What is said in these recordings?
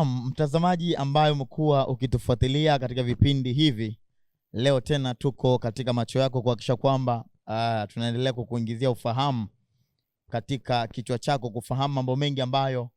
Naam, mtazamaji ambaye umekuwa ukitufuatilia katika vipindi hivi, leo tena tuko katika macho yako kuhakikisha kwamba uh, tunaendelea kukuingizia ufahamu katika kichwa chako, kufahamu mambo mengi ambayo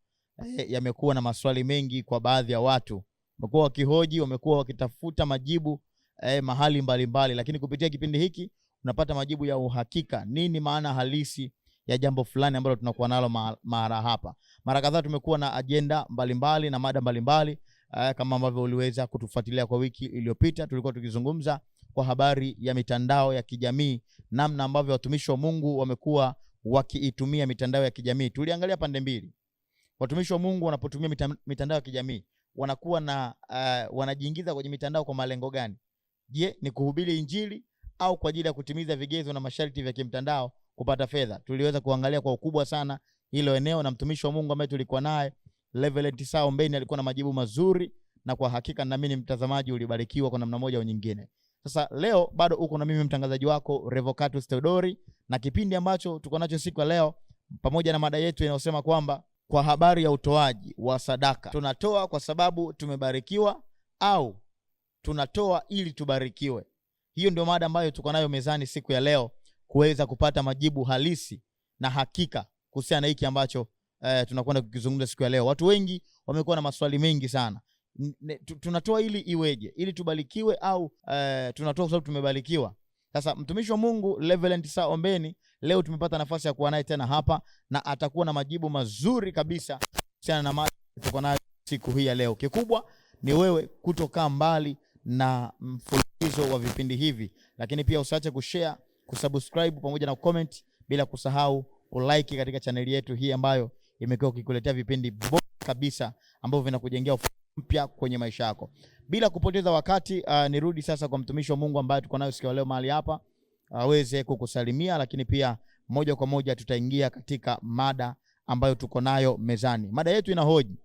eh, yamekuwa na maswali mengi kwa baadhi ya watu. Wamekuwa wakihoji, wamekuwa wakitafuta majibu eh, mahali mbalimbali mbali. Lakini kupitia kipindi hiki unapata majibu ya uhakika, nini maana halisi ya jambo fulani ambalo tunakuwa nalo mara hapa. Mara kadhaa tumekuwa na ajenda mbalimbali na mada mbalimbali mbali, eh, kama ambavyo uliweza kutufuatilia kwa wiki iliyopita, tulikuwa tukizungumza kwa habari ya mitandao ya kijamii, namna ambavyo watumishi wa Mungu wamekuwa wakiitumia mitandao ya kijamii. Tuliangalia pande mbili, watumishi wa Mungu wanapotumia mitandao ya kijamii wanakuwa na uh, wanajiingiza kwenye mitandao kwa malengo gani? Je, ni kuhubiri Injili au kwa ajili ya kutimiza vigezo na masharti vya kimtandao kupata fedha. Tuliweza kuangalia kwa ukubwa sana hilo eneo, na mtumishi wa Mungu ambaye tulikuwa naye Levelet Sao Mbeni alikuwa na majibu mazuri, na kwa hakika na mimi mtazamaji ulibarikiwa kwa namna moja au nyingine. Sasa leo bado uko na mimi mtangazaji wako Revocatus Theodori, na kipindi ambacho tuko nacho siku ya leo pamoja na mada yetu inayosema kwamba kwa habari ya utoaji wa sadaka, tunatoa kwa sababu tumebarikiwa au tunatoa ili tubarikiwe? Hiyo ndio mada ambayo tuko nayo mezani siku ya leo kuweza kupata majibu halisi na hakika kuhusiana na hiki ambacho eh, tunakwenda kukizungumza siku ya leo. Watu wengi wamekuwa na maswali mengi sana N tunatoa ili iweje, ili tubarikiwe au eh, tunatoa kwa sababu tumebarikiwa. Sasa mtumishi wa Mungu Reverend Saa Ombeni leo tumepata nafasi ya kuwa naye tena hapa na atakuwa na majibu mazuri kabisa kuhusiana na mada tuko nayo siku hii ya leo. Kikubwa ni wewe kutokaa mbali na mfululizo wa vipindi hivi, lakini pia usiache kushare kusubscribe pamoja na comment, bila kusahau ulike katika chaneli yetu hii ambayo imekuwa ikikuletea vipindi bora kabisa ambavyo vinakujengea mpya kwenye maisha yako. Bila kupoteza wakati, uh, nirudi sasa kwa mtumishi wa Mungu ambaye tuko naye siku ya leo mahali hapa aweze uh, kukusalimia, lakini pia moja kwa moja tutaingia katika mada ambayo tuko nayo mezani. Mada yetu inahoji,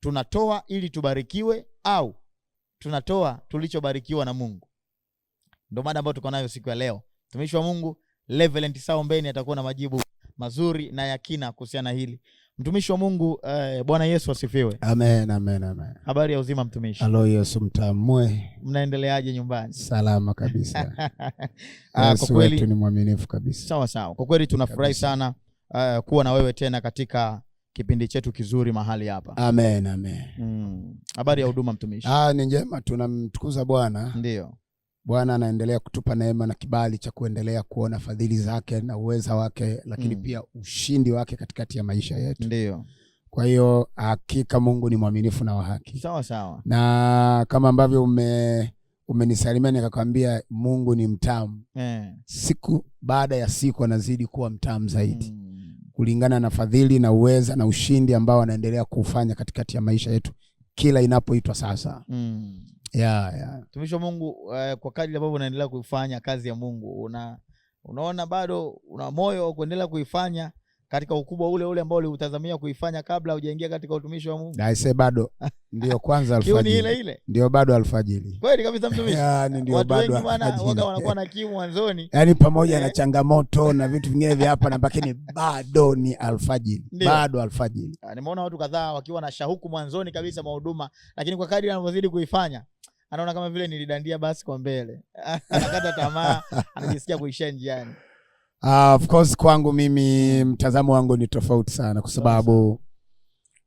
tunatoa ili tubarikiwe au tunatoa tulichobarikiwa na Mungu? Ndio mada ambayo tuko nayo siku ya leo. Mtumishi wa Mungu Reverend Saombeni atakuwa na majibu mazuri na ya kina kuhusiana hili. Mtumishi wa Mungu eh, Bwana Yesu asifiwe. Amen, amen, amen. Habari ya uzima mtumishi? Halo Yesu mtamwe. Mnaendeleaje nyumbani? Salama kabisa. Ah, kwa kweli ni mwaminifu kabisa. Sawa sawa. Kwa kweli tunafurahi sana uh, kuwa na wewe tena katika kipindi chetu kizuri mahali hapa. Amen, amen. Mm. Habari ya huduma mtumishi? Ah, ni njema tunamtukuza Bwana. Ndio. Bwana anaendelea kutupa neema na kibali cha kuendelea kuona fadhili zake na uweza wake, lakini mm. pia ushindi wake katikati ya maisha yetu. Ndio. Kwa hiyo hakika Mungu ni mwaminifu na wahaki Sawa sawa. Na kama ambavyo ume umenisalimia nikakwambia Mungu ni mtamu yeah. Siku baada ya siku anazidi kuwa mtamu zaidi mm. kulingana na fadhili na uweza na ushindi ambao anaendelea kufanya katikati ya maisha yetu kila inapoitwa sasa mm yeah, yeah. Mtumishi wa Mungu uh, kwa kadri ambavyo unaendelea kuifanya kazi ya Mungu una, unaona bado una moyo wa kuendelea kuifanya katika ukubwa ule ule ambao uliutazamia kuifanya kabla hujaingia katika utumishi wa Mungu. Naise bado ndio kwanza alfajiri. Ile ile. Ndio bado alfajiri. Kweli kabisa mtumishi. Ah, Yaani ndio bado. Watu wengi wanakuwa na kiu mwanzoni. Yaani pamoja na changamoto na vitu vingine vya hapa na ni bado ni alfajiri. Bado alfajiri. Ah, nimeona watu kadhaa wakiwa na shauku mwanzoni kabisa mwa huduma, lakini kwa kadri anavyozidi kuifanya anaona kama vile nilidandia basi kwa mbele. Anakata tamaa, anajisikia kuishia njiani. Uh, of course kwangu mimi mtazamo wangu ni tofauti sana kwa sababu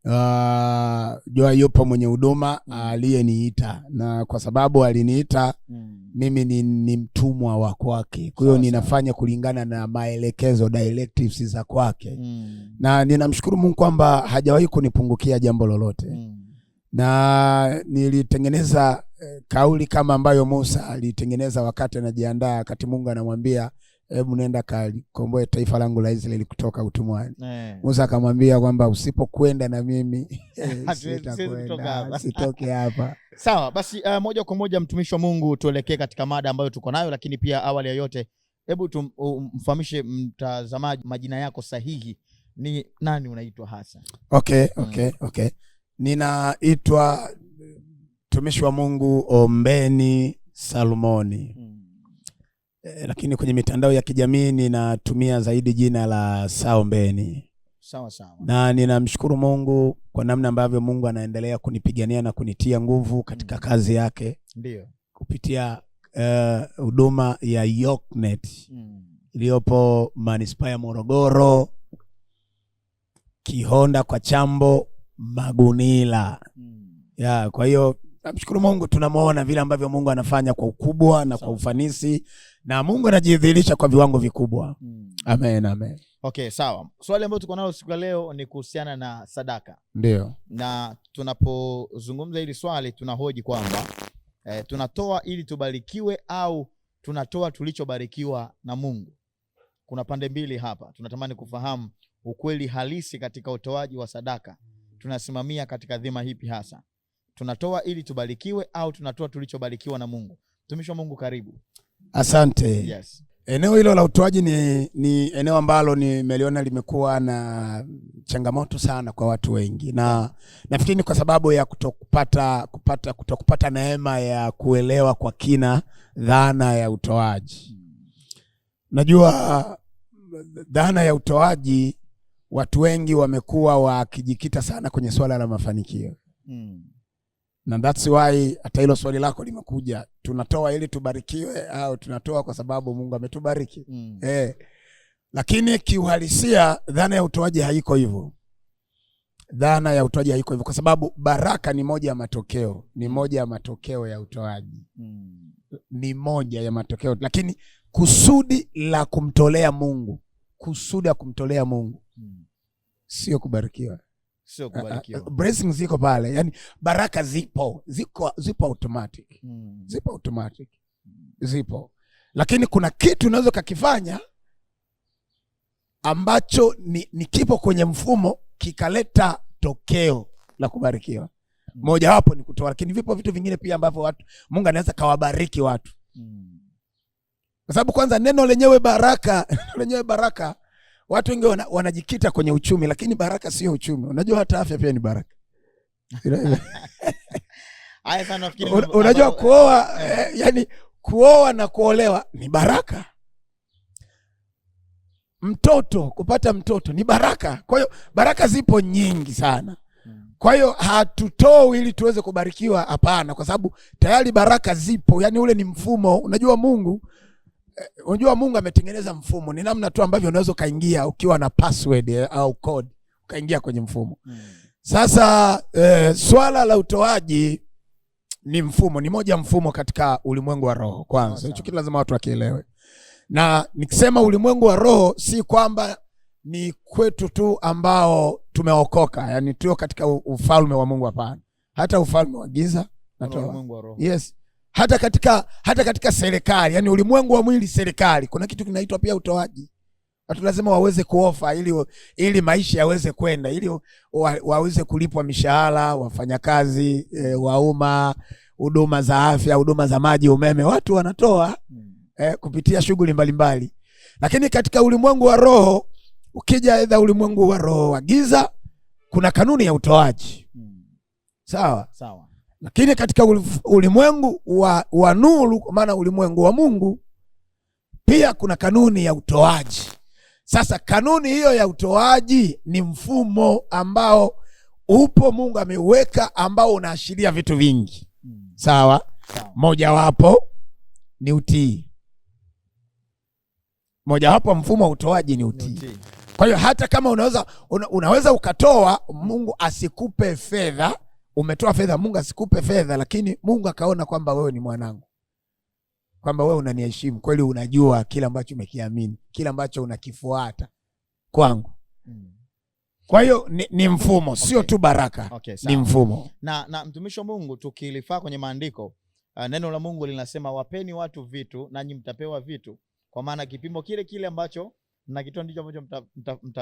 uh, ah, jua yupo mwenye huduma aliyeniita, na kwa sababu aliniita hmm. mimi ni, ni mtumwa wa kwake, kwa hiyo ninafanya kulingana na maelekezo directives za kwake mm. na ninamshukuru Mungu kwamba hajawahi kunipungukia jambo lolote mm. na nilitengeneza eh, kauli kama ambayo Musa alitengeneza wakati anajiandaa, wakati Mungu anamwambia hebu nenda kalikomboe taifa langu la Israeli kutoka utumwani. Yeah. Musa akamwambia kwamba usipokwenda na mimi sitakwenda, sitoke hapa. Sawa basi, uh, moja kwa moja mtumishi wa Mungu, tuelekee katika mada ambayo tuko nayo, lakini pia awali ya yote, hebu tumfahamishe mtazamaji majina yako sahihi ni nani, unaitwa hasa? Okay, hmm. okay, okay. Ninaitwa mtumishi wa Mungu Ombeni Salumoni. mm. Eh, lakini kwenye mitandao ya kijamii ninatumia zaidi jina la Saombeni. Sawa sawa. Na ninamshukuru Mungu kwa namna ambavyo Mungu anaendelea kunipigania na kunitia nguvu katika mm. kazi yake. Ndio. Kupitia eh, huduma uh, ya Yocknet mm. iliyopo Manispaa ya Morogoro Kihonda kwa Chambo Magunila. Mm. Ya, kwa hiyo Namshukuru Mungu tunamwona vile ambavyo Mungu anafanya kwa ukubwa na kwa ufanisi na Mungu anajidhihirisha kwa viwango vikubwa. Hmm. Amen, amen. Okay, sawa. Swali ambayo tuko nalo siku ya leo ni kuhusiana na sadaka. Ndio. Na tunapozungumza hili swali tunahoji kwamba eh, tunatoa ili tubarikiwe au tunatoa tulichobarikiwa na Mungu. Kuna pande mbili hapa. Tunatamani kufahamu ukweli halisi katika utoaji wa sadaka. Tunasimamia katika dhima hipi hasa? tunatoa ili tubarikiwe au tunatoa tulichobarikiwa na Mungu? Mtumishi wa Mungu, karibu. Asante. Yes. Eneo hilo la utoaji ni, ni eneo ambalo nimeliona limekuwa na changamoto sana kwa watu wengi, na nafikiri ni kwa sababu ya kutokupata kupata kutokupata neema ya kuelewa kwa kina dhana ya utoaji. Najua dhana ya utoaji watu wengi wamekuwa wakijikita sana kwenye swala la mafanikio hmm na that's why hata hilo swali lako limekuja, tunatoa ili tubarikiwe au tunatoa kwa sababu Mungu ametubariki mm. Eh, lakini kiuhalisia dhana ya utoaji haiko hivyo. Dhana ya utoaji haiko hivyo kwa sababu baraka ni moja ya matokeo, ni mm. moja ya matokeo ya utoaji mm. ni moja ya matokeo, lakini kusudi la kumtolea Mungu, kusudi la kumtolea Mungu mm. sio kubarikiwa sio eh, eh, kubarikiwa. ziko pale, yani baraka zipo, ziko zipo automatic mm. zipo automatic zipo, lakini kuna kitu unaweza ukakifanya ambacho ni, ni kipo kwenye mfumo kikaleta tokeo la kubarikiwa mm. wapo ni kutoa, lakini vipo vitu vingine pia ambavyo watu Mungu anaweza kawabariki watu mm. kwa sababu kwanza neno lenyewe baraka neno lenyewe baraka Watu wengi wana, wanajikita kwenye uchumi, lakini baraka sio uchumi. Unajua hata afya pia ni baraka. Unajua kuoa eh. eh, yani kuoa na kuolewa ni baraka. Mtoto kupata mtoto ni baraka. Kwa hiyo baraka zipo nyingi sana. Kwa hiyo hatutoi ili tuweze kubarikiwa, hapana, kwa sababu tayari baraka zipo. Yani ule ni mfumo, unajua Mungu Eh, unajua Mungu ametengeneza mfumo, ni namna tu ambavyo unaweza ukaingia ukiwa na password eh, au code ukaingia kwenye mfumo hmm. Sasa eh, swala la utoaji ni mfumo, ni moja mfumo katika ulimwengu wa roho. Kwanza hicho kitu lazima watu wakielewe, na nikisema ulimwengu wa roho si kwamba ni kwetu tu ambao tumeokoka, yani tuo katika ufalme wa Mungu, hapana, hata ufalme wa giza roho. Yes, hata katika, hata katika serikali, yani ulimwengu wa mwili, serikali kuna kitu kinaitwa pia utoaji. Watu lazima waweze kuofa ili, ili maisha yaweze kwenda, ili wa, waweze kulipwa mishahara wafanyakazi e, wa umma, huduma za afya, huduma za maji, umeme, watu wanatoa e, kupitia shughuli mbalimbali. Lakini katika ulimwengu wa roho, ukija aidha ulimwengu wa roho wa giza, kuna kanuni ya utoaji. Hmm. Sawa sawa. Lakini katika ulimwengu wa, wa nuru, kwa maana ulimwengu wa Mungu, pia kuna kanuni ya utoaji. Sasa kanuni hiyo ya utoaji ni mfumo ambao upo Mungu ameuweka ambao unaashiria vitu vingi hmm. Sawa, Mojawapo ni utii, mojawapo mfumo wa utoaji ni utii. Kwa hiyo hata kama unaweza una, unaweza ukatoa Mungu asikupe fedha umetoa fedha, Mungu asikupe fedha, lakini Mungu akaona kwamba wewe ni mwanangu, kwamba wewe unaniheshimu kweli, unajua kile ambacho umekiamini, kile ambacho unakifuata kwangu. Hmm. Kwa hiyo ni, ni mfumo okay. Sio tu baraka okay, ni mfumo na, na mtumishi wa Mungu tukilifaa kwenye maandiko uh, neno la Mungu linasema wapeni watu vitu nanyi mtapewa vitu, kwa maana kipimo kile kile ambacho mnakitoa ndicho ambacho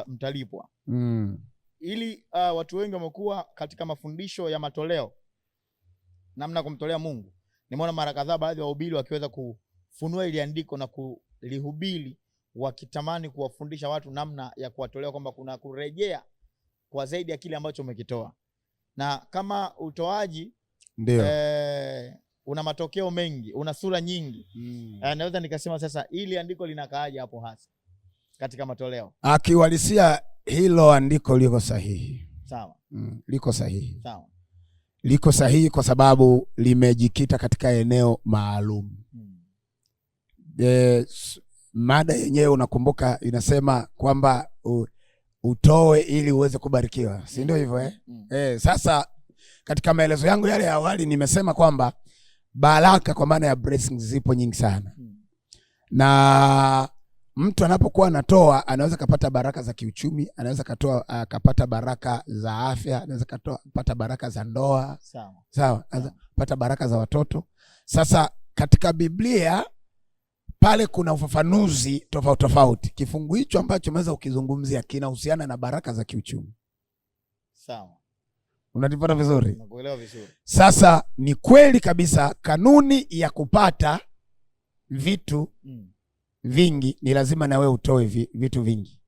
mtalipwa mta, mta, mta mm ili uh, watu wengi wamekuwa katika mafundisho ya matoleo, namna kumtolea Mungu. Nimeona mara kadhaa baadhi ya wahubiri wakiweza kufunua ili andiko na kulihubiri, wakitamani kuwafundisha watu namna ya kuwatolea, kwamba kuna kurejea kwa zaidi ya kile ambacho umekitoa, na kama utoaji ndio eh, una matokeo mengi, una sura nyingi mm. Eh, naweza nikasema sasa, ili andiko linakaaje hapo hasa katika matoleo, akiwalisia hilo andiko liko sahihi. Sawa. Mm, liko sahihi. Sawa. Liko sahihi kwa sababu limejikita katika eneo maalum. Hmm. E, mada yenyewe unakumbuka inasema kwamba utoe ili uweze kubarikiwa, si ndio? Hivyo eh? Hmm. E, sasa katika maelezo yangu yale ya awali nimesema kwamba baraka kwa maana ya blessings zipo nyingi sana. Hmm. Na mtu anapokuwa anatoa anaweza kapata baraka za kiuchumi, anaweza katoa akapata ah, baraka za afya, anaweza katoa pata baraka za ndoa, sawa sawa, pata baraka za watoto. Sasa katika Biblia pale kuna ufafanuzi tofauti tofauti. Kifungu hicho ambacho unaweza ukizungumzia kinahusiana na baraka za kiuchumi, sawa. Unanipata vizuri? Nakuelewa vizuri. Sasa ni kweli kabisa kanuni ya kupata vitu mm vingi, ni lazima na wewe utoe vitu vingi.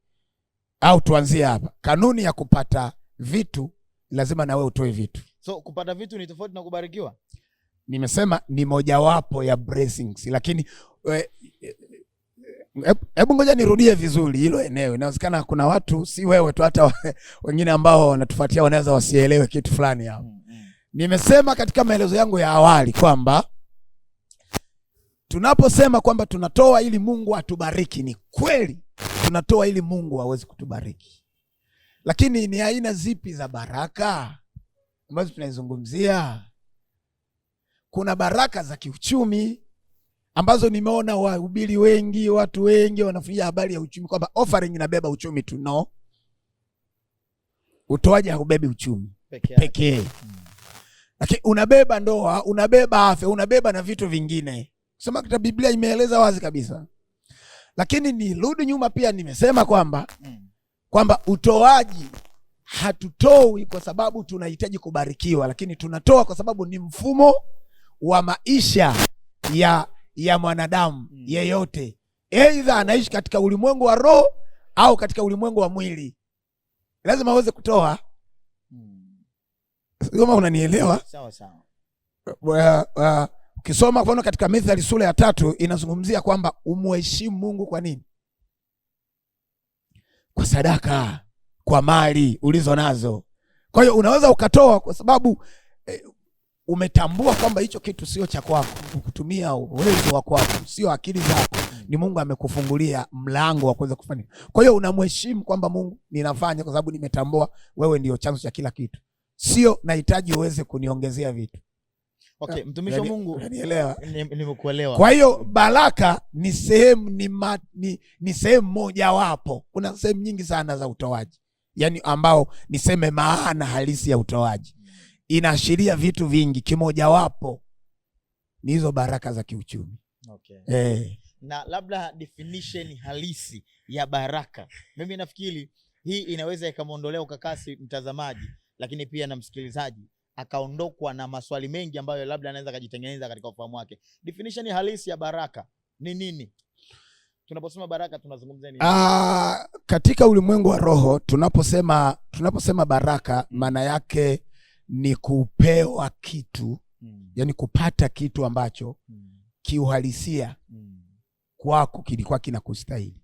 Au tuanzie hapa, kanuni ya kupata vitu, lazima na wewe utoe vitu. So kupata vitu ni tofauti na kubarikiwa. Nimesema ni mojawapo ya blessings, lakini e, e, e, hebu ngoja nirudie vizuri hilo eneo. Inawezekana kuna watu, si wewe tu, hata wengine ambao wanatufuatia wanaweza wasielewe kitu fulani hapo. Mm, mm. Nimesema katika maelezo yangu ya awali kwamba Tunaposema kwamba tunatoa ili Mungu atubariki, ni kweli tunatoa ili Mungu aweze kutubariki, lakini ni aina zipi za baraka ambazo tunaizungumzia? Kuna baraka za kiuchumi ambazo nimeona wahubiri wengi, watu wengi wanafungia habari ya uchumi, kwamba offering inabeba uchumi tu. No, utoaji haubebi uchumi pekee, lakini unabeba ndoa, unabeba afya, unabeba na vitu vingine Sema kitabu Biblia imeeleza wazi kabisa, lakini nirudi nyuma pia, nimesema kwamba mm. kwamba utoaji hatutoi kwa sababu tunahitaji kubarikiwa, lakini tunatoa kwa sababu ni mfumo wa maisha ya ya mwanadamu mm. yeyote, aidha anaishi katika ulimwengu wa roho au katika ulimwengu wa mwili, lazima aweze kutoa mm. Kama unanielewa sawa sawa. Ukisoma kwa mfano katika Mithali sura ya tatu inazungumzia kwamba umheshimu Mungu kwa nini? Kwa sadaka, kwa mali ulizo nazo. Kwa hiyo unaweza ukatoa kwa sababu eh, umetambua kwamba hicho kitu sio cha kwako, ukutumia uwezo wa kwako, sio akili zako, ni Mungu amekufungulia mlango wa kuweza kufanya. Kwa hiyo unamheshimu kwamba Mungu, ninafanya kwa sababu nimetambua wewe ndio chanzo cha kila kitu, sio nahitaji uweze kuniongezea vitu okay, eh, mtumishi wa Mungu, unanielewa? Eh, nimekuelewa. Kwa hiyo baraka ni sehemu ni, ni, ni sehemu moja wapo. Kuna sehemu nyingi sana za utoaji, yaani ambao niseme maana halisi ya utoaji inaashiria vitu vingi, kimojawapo ni hizo baraka za kiuchumi okay. Eh. Na labda definition halisi ya baraka, mimi nafikiri hii inaweza ikamwondolea ukakasi mtazamaji, lakini pia na msikilizaji akaondokwa na maswali mengi ambayo labda anaweza akajitengeneza katika ufahamu wake. Definition halisi ya baraka ni nini? Tunaposema baraka tunazungumzia nini? Ah, katika ulimwengu wa roho tunaposema tunaposema baraka hmm. maana yake ni kupewa kitu hmm. Yani kupata kitu ambacho hmm. kiuhalisia hmm. kwako kilikuwa kinakustahili,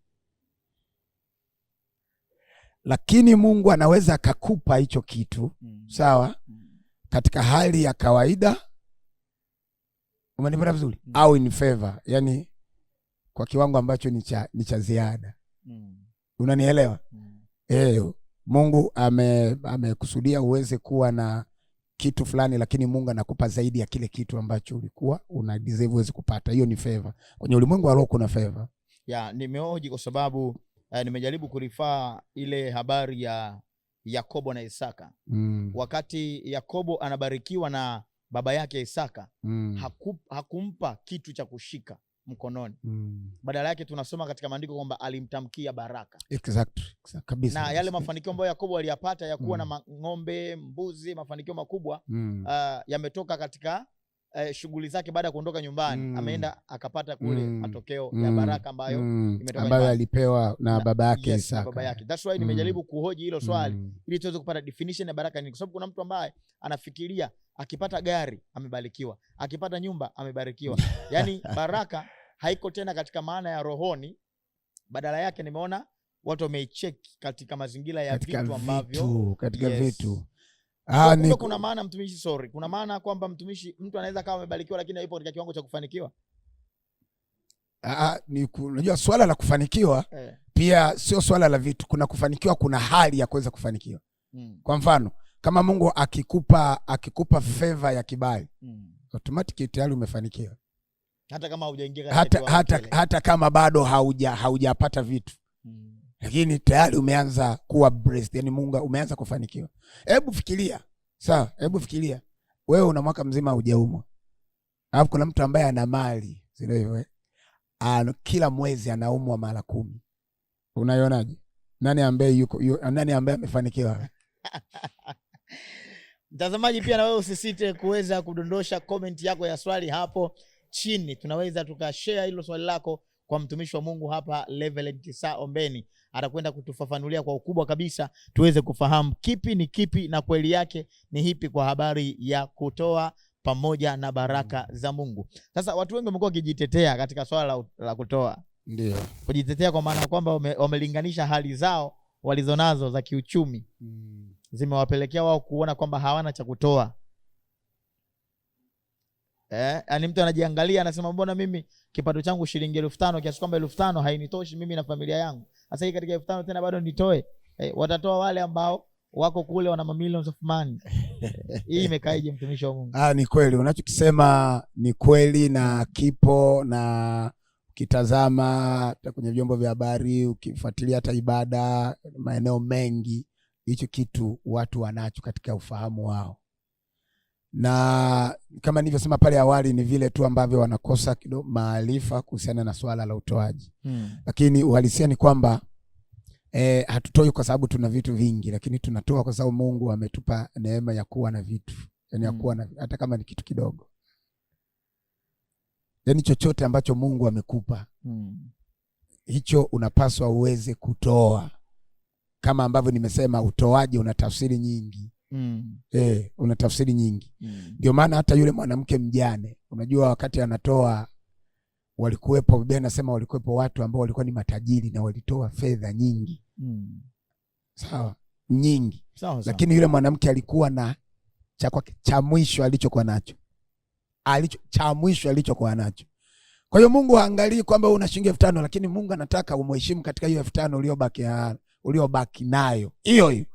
lakini Mungu anaweza akakupa hicho kitu hmm. sawa hmm katika hali ya kawaida, umenipata vizuri mm. au in favor, yani kwa kiwango ambacho ni cha ni cha ziada mm. unanielewa mm. Eh, Mungu ame amekusudia uweze kuwa na kitu fulani, lakini Mungu anakupa zaidi ya kile kitu ambacho ulikuwa una deserve uweze kupata. Hiyo ni favor. Kwenye ulimwengu wa roho kuna favor ya nimeoji kwa sababu eh, nimejaribu kurifaa ile habari ya Yakobo na Isaka mm. Wakati Yakobo anabarikiwa na baba yake Isaka mm. haku, hakumpa kitu cha kushika mkononi mm. Badala yake tunasoma katika maandiko kwamba alimtamkia baraka exactly. Exactly. na yale mafanikio ambayo Yakobo aliyapata ya kuwa mm. na ng'ombe, mbuzi, mafanikio makubwa mm. uh, yametoka katika eh, shughuli zake baada ya kuondoka nyumbani mm. ameenda akapata kule mm. matokeo mm. ya baraka ambayo mm. ambayo alipewa na baba yake yes, Isaka. Baba yake. That's why mm. nimejaribu kuhoji hilo swali mm. ili tuweze kupata definition ya baraka nini, kwa sababu kuna mtu ambaye anafikiria akipata gari amebarikiwa, akipata nyumba amebarikiwa. Yaani baraka haiko tena katika maana ya rohoni, badala yake nimeona watu wameicheki katika mazingira ya katika vitu ambavyo katika yes, vitu Ah, ni... kuna maana mtumishi, sorry, kuna maana kwamba mtumishi mtu anaweza kawa amebarikiwa lakini hayupo katika kiwango cha kufanikiwa. Ah, ah ni unajua swala la kufanikiwa eh, pia sio swala la vitu. Kuna kufanikiwa, kuna hali ya kuweza kufanikiwa mm. Kwa mfano kama Mungu akikupa akikupa feva ya kibali mm, automatic tayari umefanikiwa hata kama hata, hata, hata kama bado hauja haujapata vitu mm lakini tayari umeanza kuwa blessed, yani Mungu umeanza kufanikiwa. Hebu fikiria sawa, hebu fikiria wewe una mwaka mzima hujaumwa, alafu kuna mtu ambaye ana mali ana Kila mwezi anaumwa mara kumi, unaionaje? Nani ambaye yuko yu, nani ambaye amefanikiwa? Mtazamaji, pia na wewe usisite kuweza kudondosha komenti yako ya swali hapo chini, tunaweza tukashare hilo swali lako kwa mtumishi wa Mungu hapa Reverend Tisa Ombeni atakwenda kutufafanulia kwa ukubwa kabisa, tuweze kufahamu kipi ni kipi na kweli yake ni hipi kwa habari ya kutoa pamoja na baraka mm. za Mungu. Sasa watu wengi wamekuwa wakijitetea katika swala la, la kutoa. Ndio. Kujitetea kwa maana kwamba wamelinganisha hali zao walizonazo za kiuchumi mm, zimewapelekea wao kuona kwamba hawana cha kutoa Eh, yani mtu anajiangalia anasema mbona mimi kipato changu shilingi elfu tano kiasi kwamba elfu tano hainitoshi mimi na familia yangu. Sasa hii katika elfu tano tena bado nitoe. Eh, watatoa wale ambao wako kule wana mamilions of money. Hii imekaaje mtumishi wa Mungu? Ah, ni kweli unachokisema ni kweli na kipo na ukitazama hata kwenye vyombo vya habari ukifuatilia hata ibada maeneo mengi hicho kitu watu wanacho katika ufahamu wao na kama nilivyosema pale awali ni vile tu ambavyo wanakosa kidogo maarifa kuhusiana na swala la utoaji hmm. Lakini uhalisia ni kwamba e, hatutoi kwa sababu tuna vitu vingi, lakini tunatoa kwa sababu Mungu ametupa neema ya kuwa na vitu yani ya hmm. kuwa na, hata kama ni kitu kidogo yani chochote ambacho Mungu amekupa hmm. hicho unapaswa uweze kutoa, kama ambavyo nimesema utoaji una tafsiri nyingi mm. Eh, una tafsiri nyingi mm. ndio mm. maana hata yule mwanamke mjane, unajua wakati anatoa walikuwepo, Biblia inasema walikuwepo watu ambao walikuwa ni matajiri na walitoa fedha nyingi mm. sawa nyingi sawa, sawa. Lakini yule mwanamke alikuwa na cha kwake cha mwisho alichokuwa nacho alicho cha mwisho alichokuwa nacho. Kwa hiyo Mungu haangalii kwamba una shilingi elfu tano lakini Mungu anataka umheshimu katika hiyo elfu tano uliobaki ah, uliobaki nayo hiyo hiyo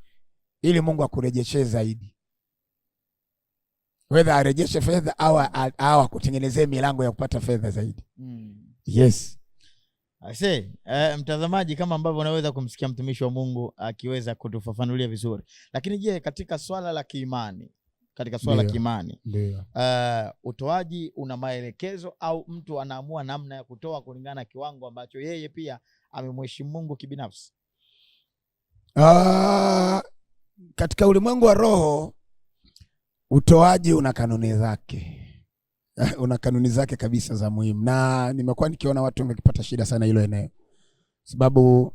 ili Mungu akurejeshee zaidi, wedha arejeshe fedha au au akutengenezee milango ya kupata fedha zaidi. mm. Yes. Ase, uh, eh, mtazamaji, kama ambavyo unaweza kumsikia mtumishi wa Mungu akiweza uh, kutufafanulia vizuri, lakini je, katika swala la kiimani katika swala la kiimani uh, utoaji una maelekezo au mtu anaamua namna ya kutoa kulingana na kiwango ambacho yeye pia amemheshimu Mungu kibinafsi? Uh, katika ulimwengu wa roho utoaji una kanuni zake una kanuni zake kabisa za muhimu, na nimekuwa nikiona watu wamekipata shida sana hilo eneo, sababu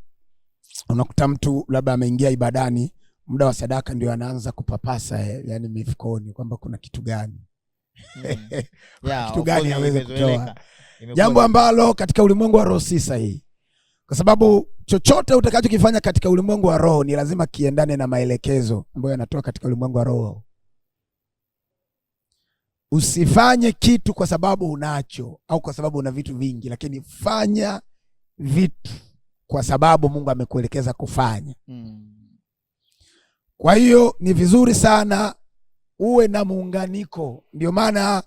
unakuta mtu labda ameingia ibadani, muda wa sadaka ndio anaanza kupapasa eh, yani mifukoni kwamba kuna kitu gani mm. yeah, kitu gani aweze kutoa, jambo ambalo katika ulimwengu wa roho si sahihi kwa sababu chochote utakachokifanya katika ulimwengu wa roho ni lazima kiendane na maelekezo ambayo yanatoka katika ulimwengu wa roho. Usifanye kitu kwa sababu unacho au kwa sababu una vitu vingi, lakini fanya vitu kwa sababu Mungu amekuelekeza kufanya. Kwa hiyo ni vizuri sana uwe na muunganiko. Ndio maana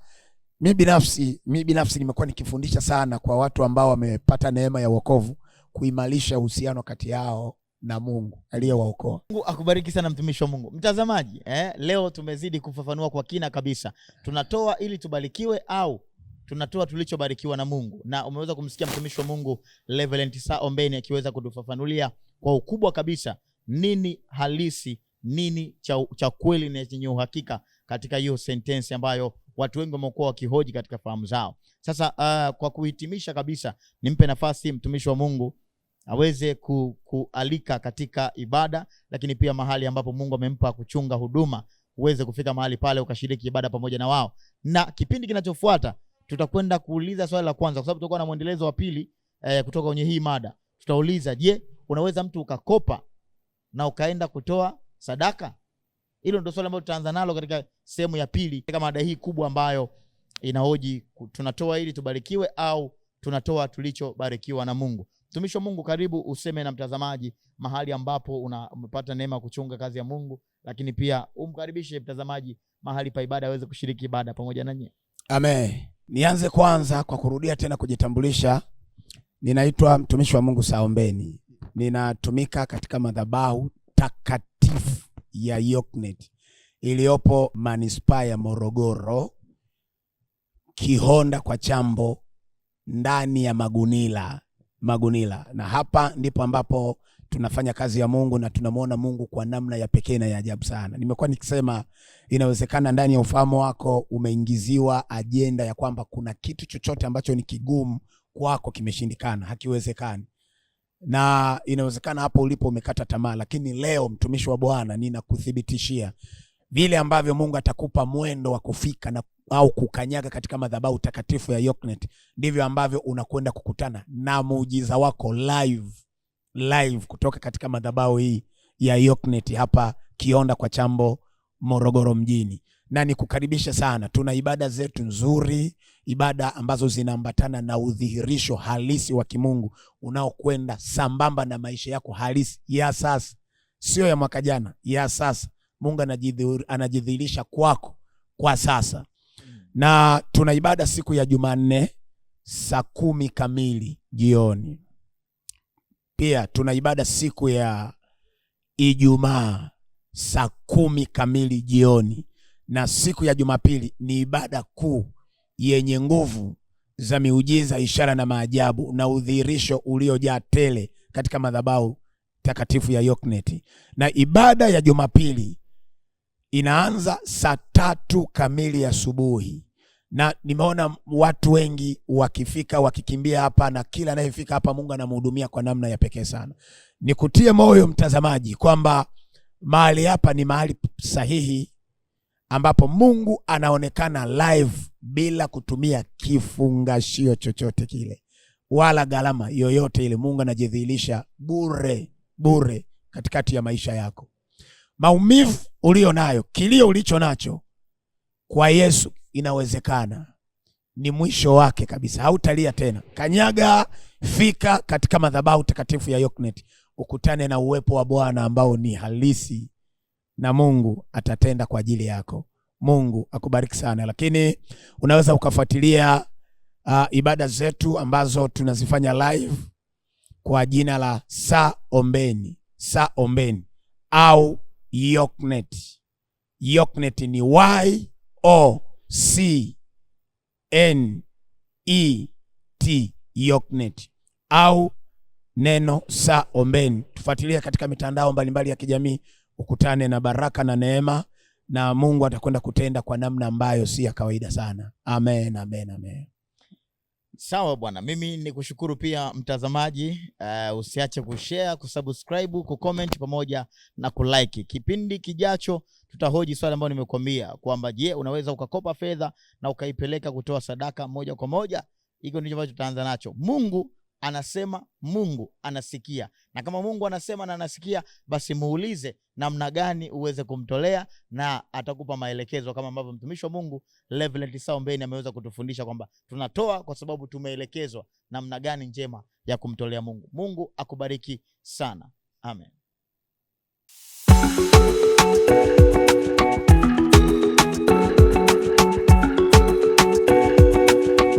mi binafsi mi binafsi nimekuwa nikifundisha sana kwa watu ambao wamepata neema ya wokovu kuimarisha uhusiano kati yao na Mungu aliyewaokoa. Mungu akubariki sana mtumishi wa Mungu. Mtazamaji, eh, leo tumezidi kufafanua kwa kina kabisa. Tunatoa ili tubarikiwe au tunatoa tulichobarikiwa na Mungu. Na umeweza kumsikia mtumishi wa Mungu Reverend Ombeni akiweza kutufafanulia kwa ukubwa kabisa nini halisi, nini cha, cha kweli na chenye uhakika katika hiyo sentensi ambayo watu wengi wamekuwa wakihoji katika fahamu zao. Sasa uh, kwa kuhitimisha kabisa, nimpe nafasi mtumishi wa Mungu aweze ku, kualika katika ibada, lakini pia mahali ambapo Mungu amempa kuchunga huduma uweze kufika mahali pale ukashiriki ibada pamoja na wao. Na kipindi kinachofuata tutakwenda kuuliza swali la kwanza, kwa sababu tutakuwa na mwendelezo wa pili eh, kutoka kwenye hii mada. Tutauliza, je, unaweza mtu ukakopa na ukaenda kutoa sadaka? Hilo ndio swali ambalo tutaanza nalo katika sehemu ya pili katika mada hii kubwa ambayo inahoji tunatoa ili tubarikiwe au tunatoa tulichobarikiwa na Mungu. Mtumishi wa Mungu, karibu useme na mtazamaji mahali ambapo una, umepata neema kuchunga kazi ya Mungu, lakini pia umkaribishe mtazamaji mahali pa ibada aweze kushiriki ibada pamoja nanyi. Amen. Nianze kwanza kwa kurudia tena kujitambulisha. Ninaitwa mtumishi wa Mungu Saombeni, ninatumika katika madhabahu takatifu ya Yoknet iliyopo manispaa ya Morogoro, Kihonda kwa Chambo, ndani ya Magunila Magunila, na hapa ndipo ambapo tunafanya kazi ya Mungu na tunamwona Mungu kwa namna ya pekee na ya ajabu sana. Nimekuwa nikisema inawezekana ndani ya ufahamu wako umeingiziwa ajenda ya kwamba kuna kitu chochote ambacho ni kigumu kwako kimeshindikana, hakiwezekani, na inawezekana hapo ulipo umekata tamaa, lakini leo mtumishi wa Bwana, ninakuthibitishia vile ambavyo Mungu atakupa mwendo wa kufika na au kukanyaga katika madhabahu takatifu ya Yoknet, ndivyo ambavyo unakwenda kukutana na muujiza wako live live kutoka katika madhabahu hii ya Yoknet hapa Kionda kwa Chambo, Morogoro mjini. Na nikukaribisha sana, tuna ibada zetu nzuri, ibada ambazo zinaambatana na udhihirisho halisi wa kimungu unaokwenda sambamba na maisha yako halisi ya sasa, sio ya mwaka jana, ya sasa Mungu anajidhihirisha kwako kwa sasa. Mm. Na tuna ibada siku ya Jumanne saa kumi kamili jioni. Pia tuna ibada siku ya Ijumaa saa kumi kamili jioni, na siku ya Jumapili ni ibada kuu yenye nguvu za miujiza, ishara na maajabu na udhihirisho uliojaa tele katika madhabahu takatifu ya yokneti Na ibada ya Jumapili inaanza saa tatu kamili asubuhi, na nimeona watu wengi wakifika wakikimbia hapa, na kila anayefika hapa Mungu anamhudumia kwa namna ya pekee sana. Nikutie moyo mtazamaji kwamba mahali hapa ni mahali sahihi ambapo Mungu anaonekana live bila kutumia kifungashio chochote kile wala gharama yoyote ile. Mungu anajidhihirisha bure bure katikati ya maisha yako. Maumivu ulio nayo, kilio ulicho nacho kwa Yesu inawezekana ni mwisho wake kabisa, hautalia tena. Kanyaga, fika katika madhabahu takatifu ya Yoknet, ukutane na uwepo wa Bwana ambao ni halisi, na Mungu atatenda kwa ajili yako. Mungu akubariki sana, lakini unaweza ukafuatilia uh, ibada zetu ambazo tunazifanya live kwa jina la Saa Ombeni, Saa Ombeni au Yoknet. Yoknet ni Y O C N E T. Yoknet au neno sa ombeni. Tufuatilie katika mitandao mbalimbali mbali ya kijamii, ukutane na baraka na neema, na Mungu atakwenda kutenda kwa namna ambayo si ya kawaida sana. Amen, amen, amen. Sawa bwana, mimi ni kushukuru pia mtazamaji. Uh, usiache kushare, kusubscribe, kucomment pamoja na kulike. Kipindi kijacho tutahoji swali ambalo nimekuambia kwamba je, unaweza ukakopa fedha na ukaipeleka kutoa sadaka moja kwa moja? Hiko ndicho ambacho tutaanza nacho. Mungu anasema Mungu anasikia, na kama Mungu anasema na anasikia, basi muulize namna gani uweze kumtolea, na atakupa maelekezo, kama ambavyo mtumishi wa Mungu Reverend Saombeni ameweza kutufundisha kwamba tunatoa kwa sababu tumeelekezwa namna gani njema ya kumtolea Mungu. Mungu akubariki sana, amen.